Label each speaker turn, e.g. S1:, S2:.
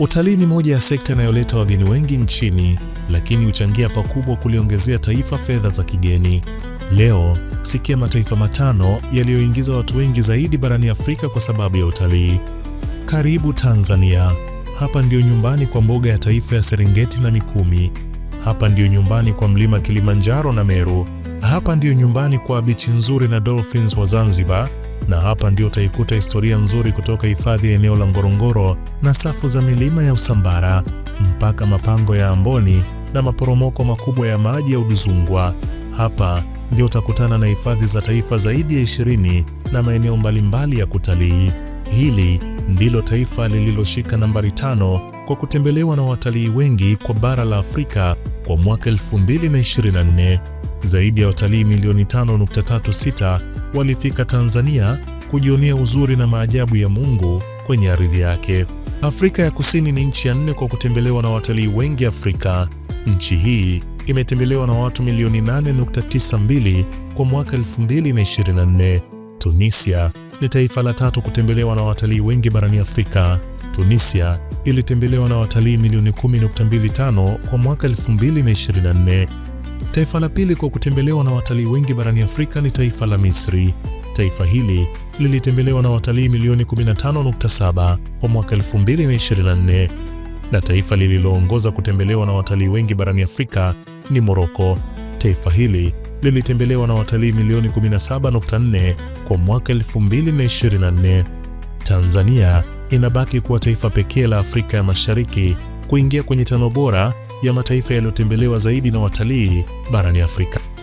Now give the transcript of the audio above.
S1: Utalii ni moja ya sekta inayoleta wageni wengi nchini, lakini huchangia pakubwa kuliongezea taifa fedha za kigeni. Leo sikia mataifa matano yaliyoingiza watu wengi zaidi barani Afrika kwa sababu ya utalii. Karibu Tanzania. Hapa ndiyo nyumbani kwa mbuga ya taifa ya Serengeti na Mikumi. Hapa ndiyo nyumbani kwa mlima Kilimanjaro na Meru. Hapa ndiyo nyumbani kwa bichi nzuri na dolphins wa Zanzibar na hapa ndio utaikuta historia nzuri kutoka hifadhi ya eneo la Ngorongoro na safu za milima ya Usambara mpaka mapango ya Amboni na maporomoko makubwa ya maji ya Udzungwa. Hapa ndio utakutana na hifadhi za taifa zaidi ya 20 na maeneo mbalimbali ya kutalii. Hili ndilo taifa lililoshika nambari tano kwa kutembelewa na watalii wengi kwa bara la Afrika kwa mwaka 2024. Zaidi ya watalii milioni 5.36 walifika Tanzania kujionea uzuri na maajabu ya Mungu kwenye ardhi yake. Afrika ya Kusini ni nchi ya nne kwa kutembelewa na watalii wengi Afrika. Nchi hii imetembelewa na watu milioni 8.92 kwa mwaka 2024. Tunisia ni taifa la tatu kutembelewa na watalii wengi barani Afrika. Tunisia ilitembelewa na watalii milioni 10.25 kwa mwaka 2024. Taifa la pili kwa kutembelewa na watalii wengi barani Afrika ni taifa la Misri. Taifa hili lilitembelewa na watalii milioni 15.7 kwa mwaka 2024, na taifa lililoongoza kutembelewa na watalii wengi barani Afrika ni Moroko. Taifa hili lilitembelewa na watalii milioni 17.4 kwa mwaka 2024. Tanzania inabaki kuwa taifa pekee la Afrika ya Mashariki kuingia kwenye tano bora ya mataifa yaliyotembelewa zaidi na watalii barani Afrika.